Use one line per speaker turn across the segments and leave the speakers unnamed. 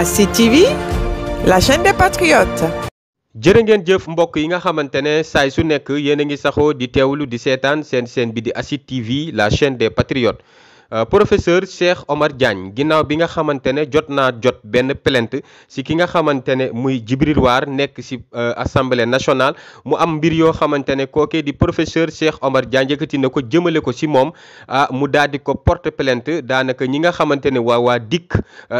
ASID-TV la chaîne
des patriotes.
jërë ngeen jëf mbokk yi nga xamante ne saay su nekk yéen a ngi saxoo di teewlu di seetaan seen seen bi di ASID-TV la chaîne des patriotes. Euh, professeur Cheikh Omar Diagne ginnaaw bi nga xamante ne jot naa jot benn plainte si ki nga xamante ne muy Djibril War nekk si euh, assemblée nationale mu am mbir yoo xamante ne kookee di professeur Cheikh Omar Diagne yëkkati na ko jëmale ko si moom ah mu daal di ko porte plainte daanaka ñi nga xamante ne waa waa dikk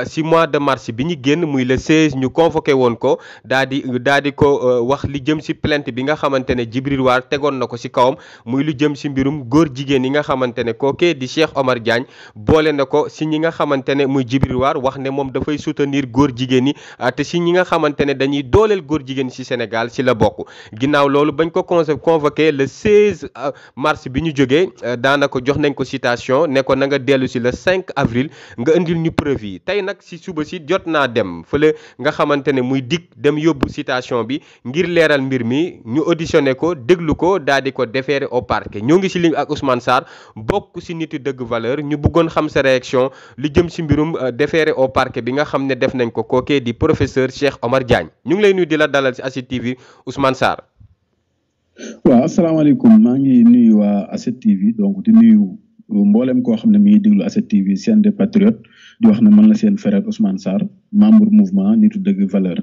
si euh, mois de mars bi ñu génn muy la 16 ñu convoqué woon ko daal di daal di ko wax li jëm si plainte bi nga xamante ne Djibril War tegoon na ko si kawam muy lu jëm si mbirum góor jigéen yi nga xamante ne kookee di Cheikh Omar Diagne Diagne boole na ko si ñi nga xamante ne muy Djibril War wax ne moom dafay soutenir góor jigéen ñi ah, te si ñi nga xamante ne dañuy dooleel góor jigéen si Sénégal si la bokk ginnaaw loolu bañ ko con convoqué le 16 ah, mars bi ñu jógee ah, daanaka jox nañ ko citation ne ko na nga dellu si le 5 avril nga indil ñu preuve yi tey nag si suba si jot naa dem fële nga xamante ne muy dikk dem yóbbu citation bi ngir leeral mbir mi ñu auditionné ko déglu ko daal di ko déférer au parquet ñoo ngi si ligne ak Ousmane Sarr bokk si nitu dëgg valeur ñu bëggoon xam sa réaction li jëm ci mbirum euh, déféré au parquet bi nga xam ne def nañ ko kookee di professeur Cheikh Omar Diagne ñu ngi lay nuyu di la dalal ci ASID TV saar Sarr.
waaw asalaamaaleykum maa ngi nuyu waa ASID TV donc di nuyu mbooleem koo xam ne mi ngi déglu ASID TV chaîne des patriotes di wax na man la seen frère Ousmane saar membre mouvement nitu dëgg valeur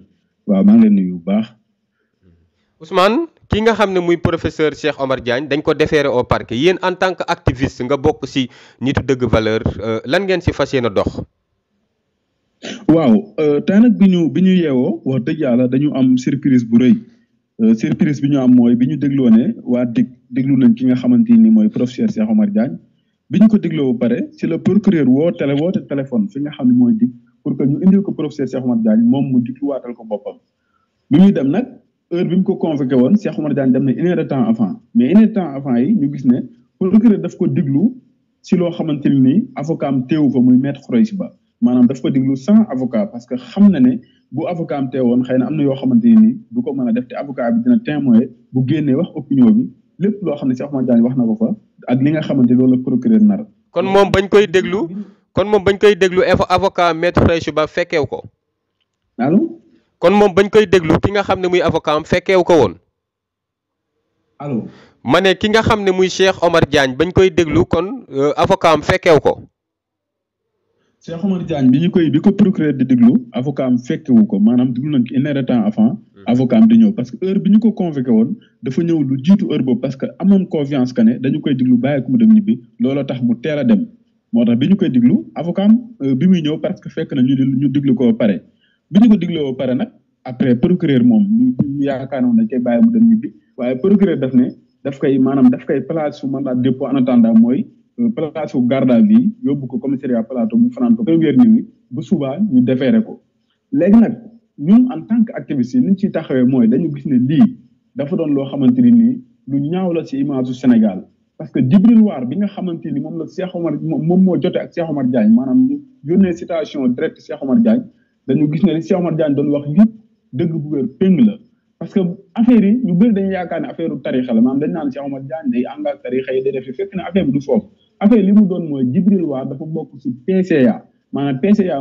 waaw maa ngi lay nuyu bu baax.
Ousmane. ki nga xam ne muy professeur Cheikh Omar Diagne dañ ko déféré au parquet yéen en tant que activiste nga bokk ci nitu dëgg valeur euh, lan ngeen ci fas yéene dox.
waaw euh, tey nag bi ñu bi ñu yeewoo wax dëgg yàlla dañu am surprise bu rëy euh, surprise bi ñu am mooy bi ñu dégloo ne waa dig déglu nañ ki nga xamante ni mooy professeur Cheikh Omar Diagne bi ñu ko dégloo ba pare ci la procureur woo télé woote téléphone fi nga xam ne mooy dig pour que ñu indil ko professeur Cheikh Omar moom mu dikluwaatal ko boppam bi muy dem nag. heure bi mu ko convoqué woon Cheikh Oumar Diagne dem na une heure de temps avant mais une heure de temps avant yi ñu gis ne procureur daf ko diglu si loo xamante ne nii avocat am teewu fa muy maître Khoureyssi Ba maanaam daf ko diglu sans avocat parce que xam na ne bu avocat am teewoon xëy na am na yoo xamante ne nii du ko mën a def te avocat bi dina témoin bu génnee wax opinion bi lépp loo xam ne Cheikh Oumar Diagne wax na ko fa ak li nga xamante loolu la procureur nar.
kon moom bañ koy déglu kon moom bañ koy déglu avocat maître Khoureyssi Ba fekkeew ko. allo. kon moom bañ koy déglu ki nga xam ne muy avocat am fekkeewu ko woon. allo. ma ne ki nga xam ne muy Cheikh Omar Diagne bañ koy déglu kon euh, avocat am fekkeewu ko.
Cheikh Omar Diagne bi ñu koy bi ko procureur di déglu avocat am fekkewu ko maanaam déglu nañ ko une heure de temps avant. Hmm. avocat am di ñëw parce que heure bi ñu ko convoqué woon dafa ñëw lu jiitu heure boobu parce que amoon confiance que ne dañu koy déglu bàyyi mu dem ñibbi looloo tax mu teel a dem moo tax bi ñu koy déglu avocat euh, bi muy ñëw parce que fekk na ñu ñu déglu ko pare. bi ñu ko digloo pare nag après procureur moom ñu yaakaaroon dañ koy bàyyi mu dem ñibbi waaye procureur daf ne daf koy maanaam daf koy place su mandat dépôt en attendant mooy euh, place su garde à vue yóbbu ko commissariat plateau mu fanaan ko première nuit bu subaa ñu defeere ko léegi nag ñun en tant que activiste ni ñu ciy taxawee mooy dañu gis ne lii dafa doon loo xamante ni nii lu ñaaw la ci image Sénégal parce que Djibril War bi nga xamante ni moom la Cheikh Omar moom moo jote ak Cheikh Omar Diagne maanaam ñu yónnee citation directe Cheikh dañu gis ne li Cheikh Omar Diagne doon wax yëpp dëgg bu wér péng la parce que affaire yi ñu bëri dañu yaakaar ne affaire u tarixa la maanaam dañ naan Cheikh Omar Diagne day engage tarixa yi day def fekk na affaire mooy Djibril War dafa bokk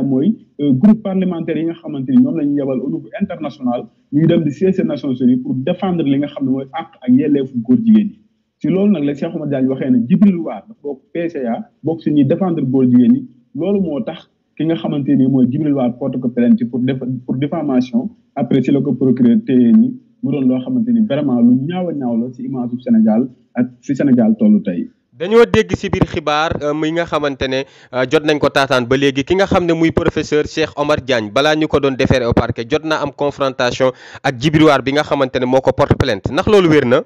mooy euh, groupe yi nga xamante ni ñoom la ñu yebal international ñuy dem di siège Nations Unies pour défendre li nga xam ne mooy àq ak yelleefu góor jigéen yi si loolu nag la Cheikh Omar Diagne waxee ne Djibril War dafa bokk PCA bokk si ñuy défendre góor jigéen yi loolu moo tax ki nga xamante ni mooy Djibril Wade porte ko plainte pour pour après si la ko procureur téye ni mu doon loo xamante ni vraiment lu ñaaw a ñaaw la bu Sénégal ak si Sénégal tollu tey.
dañoo dégg si biir xibaar euh, mi nga xamante ne euh, jot nañ ko taataan ba léegi ki nga xam ne muy professeur Cheikh Omar Diagne balaa ñu ko doon déférer au parquet jot na am confrontation ak Djibril Wade bi nga xamante ne moo ko port plainte ndax loolu wér na.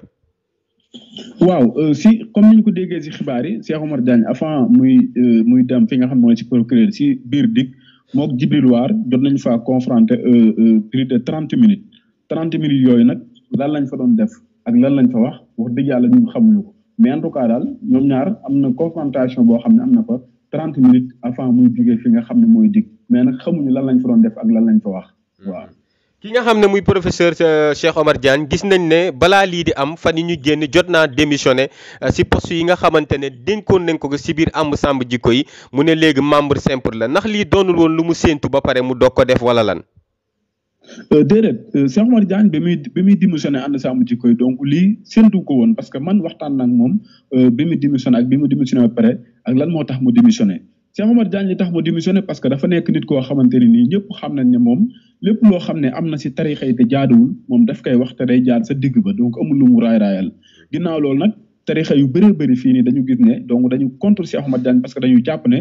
waaw euh, si comme ni ko déggee si xibaar yi Cheikh Omar Diagne avant muy euh, muy dem fi nga xam mooy si procureur si biir dig mook Djibril War jot nañu fa confronté euh, plus de trente minutes trente minutes yooyu nag lan lañ fa doon def ak lan lañ fa wax wax dëgg yàlla ñun xamuñu ko mais en daal ñoom ñaar am na confrontation boo xam ne am na fa trente minutes avant muy jugee fi nga xam ne mooy dig mais nag xamuñu lan lañ fa doon def ak lan lañ fa wax hmm. waaw ki nga
xam ne muy professeur euh, Cheikh Omar Diagne gis nañ ne balaa lii di am fan yi ñu génn jot naa démissionné euh, si poste yi nga xamante ne dénkoon nañ ko si biir àmb sàmb jikko yi mu ne léegi membre simple la ndax lii doonul woon lu mu séentu ba pare mu doog ko def wala lan.
Euh, déedéet Cheikh Omar Diagne bi muy bi muy démissionné ànd sàmm jikko yi donc lii séentu ko woon parce que man waxtaan na moom bi muy démissionné ak bi mu démissionné ba pare ak lan moo tax mu démissionné. Cheikh Omar Diagne li tax mu démissionné parce que dafa nekk nit koo xamante ne nii ñëpp xam nañ ne moom lépp loo xam ne am na si tarixa yi te jaaduwul moom daf koy wax te day jaar sa digg ba donc amul lu mu raay raayal ginnaaw loolu nag tarixa yu bëree bëri fii nii dañu gis ne donc dañu contre Cheikh Omar Diagne parce que dañu jàpp ne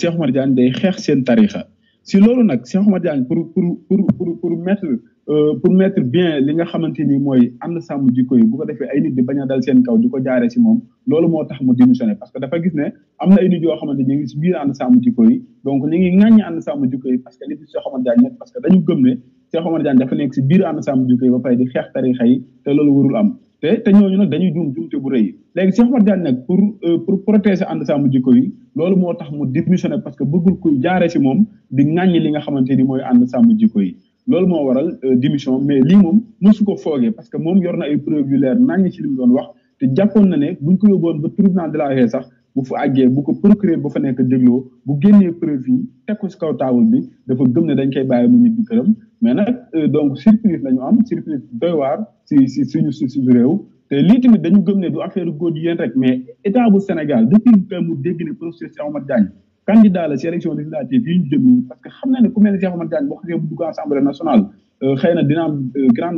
Cheikh Omar Diagne day xeex seen tarixa si loolu nag Cheikh Oumar Diagne pour pour pour pour pour mettre euh, pour mettre bien li nga xamante ni mooy ànd sàmm jikko yi bu ko defee ay nit di bañ a dal seen kaw di ko jaaree si moom loolu moo tax mu démissionné parce que dafa gis ne am na ay nit yoo xamante ñu ngi si biir ànd sàmm jikko yi donc ñu ngi ŋàññi ànd sàmm jikko yi parce que li fi Cheikh Oumar Diagne parce que dañu gëm ne Cheikh Oumar Diagne dafa nekk si biir ànd sàmm jikko yi ba pare di xeex tarixa yi te loolu warul am te te ñooñu nag dañuy juum juumte bu rëy léegi Cheikh Omar Diagne nag pour euh, pour protéger ànd sàmm jikko yi loolu moo tax mu démissionné parce que bëggul kuy jaare si moom di ŋàññi li nga xamante ni mooy ànd sàmm jikko yi loolu moo waral euh, démission mais lii moom mosu ko foogee parce que moom yor na ay preuve yu leer naññ ci li doon wax te jàppoon na ne buñ ko yóbboon ba tribunal de la Haye sax bu fa àggee bu ko procureur bu fa nekk dégloo bu génnee preuve yi teg ko kaw taabul bi dafa gëm ne dañ koy bàyyi mu ñibbi këram mais na nag euh, donc surprise la am surprise doy waar si si suñu si suñu réew te lii tamit dañu gëm ne du affaire góor jigéen rek mais état bu Sénégal depuis que mu dégg ne professeur Cheikh Oumar Diagne candidat la si élection législative yi ñu jëm parce que xam naa ne ku mel ne Cheikh Oumar Diagne boo xasee bu dugg assemblée nationale euh, xëy na dina am euh, grande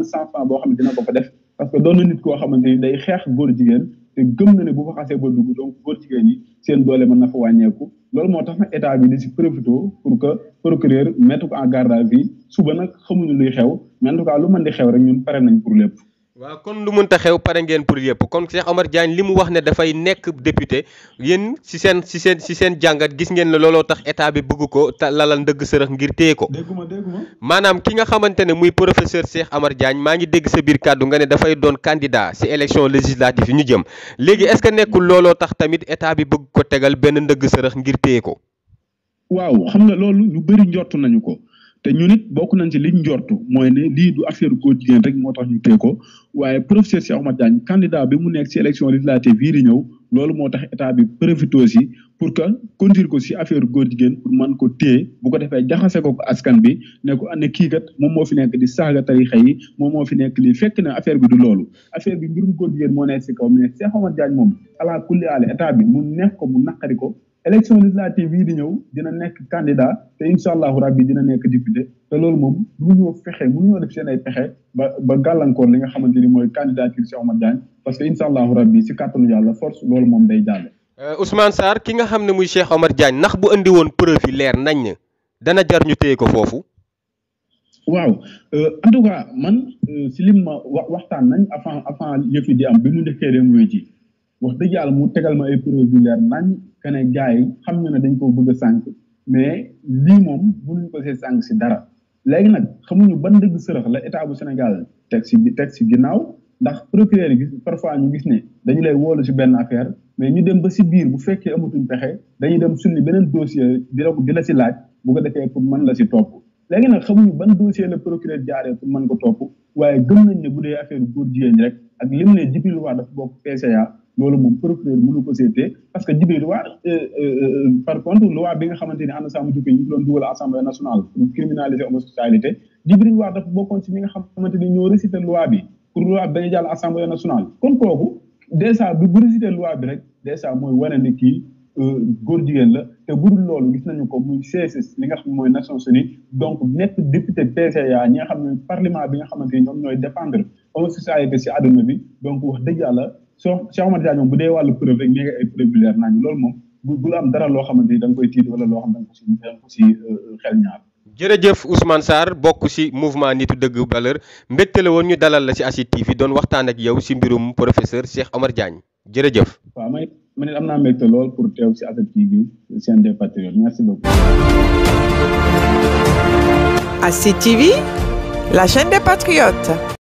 boo xam ne dina ko fa def parce que doon na nit koo xamante ni day xeex góor jigéen te gëm na ne bu fa xasee ba dugg donc góor jigéen ñi seen doole mën na fa wàññeeku loolu moo tax nag état bi di si profité pour que procureur mettre ko en garde à suba nag xamuñu luy xew mais en tout cas lu mën di xew rek ñun pare nañ pour lépp
waa kon lu mënta xew pare ngeen pour yëpp kon Cheikh amar Diagne li mu wax ne dafay nekk député yéen si seen si seen si seen jàngat gis ngeen ne looloo tax état bi bëgg ko lalal ndëgg sërëx ngir téye ko. dégguma dégguma maanaam ki nga xamante ne muy professeur Cheikh amar Diagne maa ngi dégg sa biir kàddu nga ne dafay doon candidat si élection législative yi ñu jëm léegi est-ce que nekkul looloo tax tamit état bi bëgg ko tegal benn ndëgg sërëx ngir tee ko.
waaw xam nga loolu ñu bëri njott nañu ko. te ñu nit bokk nañ ci liñ njortu mooy ne lii du affaire góor jigéen rek moo tax ñu tee ko waaye professeur Cheikh Oumar Diagne candidat bi mu nekk ci élection législative yii di ñëw loolu moo tax état bi profité aussi pour que conduire ko ci affaire góor jigéen pour mën ko téye bu ko defee jaxase ko ko askan bi ne ko ane kii kat moom moo fi nekk di saaga tarixa yi moom moo fi nekk lii fekk na affaire bi du loolu affaire bi mbirum góor jigéen moo nekk ci kaw mais Cheikh Oumar Diagne moom ala kulli aale bi mu neex ko mu naqari ko élection législative yi di ñëw dina nekk candidat te incha allahu rabbi dina nekk député te loolu moom mënuñoo fexe mënuñoo def seen ay pexe ba ba gàllankoor li nga xamante ni mooy candidature Cheikh Oumar Diagne parce que incha allahu rabbi si kàttanu yàlla force loolu moom day jàll.
Euh, Ousmane Sarr ki nga xam ne muy Cheikh Oumar Diagne ndax bu andi woon preuve yi leer nañ dana jar ñu téye ko foofu.
waaw euh, en man euh, si lim ma wa waxtaan nañ avant avant yëf yi di am bi mu njëkkee dem ci wax dëgg yàlla mu tegal ma ay preuve que ne yi xam na ne dañ koo bëgg a sànq mais lii moom mënuñu ko see sànq si dara léegi nag xamuñu ban dëgg sërëx la état bu Sénégal teg si teg si ginnaaw ndax procureur yi gis parfois ñu gis ne dañu leen woolu si benn affaire mais ñu dem ba si biir bu fekkee amatuñ pexe dañuy dem sulli beneen dossier di la di la si laaj bu ko defee pour mën la si topp léegi nag xamuñu ban dossier la procureur jaaree pour mën ko topp waaye gëm nañ ne bu dee affaire góor jigéen rek ak l ne Djibril War dafa bokk loolu moom procureur mënu ko seetee parce que jibe loi euh, euh, euh, par contre loi bi nga xamante ni ànd saamu jikko yi ñu doon dugal assemblée nationale pour criminaliser homosexualité Djibril Wade dafa bokkoon ci ñi nga xamante ni ñoo récité loi bi pour loi bi kon kooku dèjà bu récité loi bi rek dèjà mooy wane ni kii góor jigéen la te budul loolu gis nañu ko muy CSS li nga xam mooy Nations Unies donc nekk député PCA ñi nga xam ne parlement bi nga xamante ni ñoom ñooy défendre homosexualité si àdduna bi donc wax dëgg yàlla soo Cheikh Omar Diagne moom bu dee wàllu preuve rek nee nga ay naa ñu loolu moom bu bu am dara loo xamante ni da koy tiit wala loo xam da nga ko si da ko si euh, euh,
jërëjëf Ousmane Sarr bokk ci mouvement nitu dëgg valeur mbégte woon ñu dalal la ci ASID TV doon waxtaan ak yow ci mbirum professeur Cheikh Omar Diagne
jërëjëf. waaw man it man am naa mbégte lool pour teew ci ASID TV chaîne de patriotes merci beaucoup. ASID TV la chaîne des patriotes.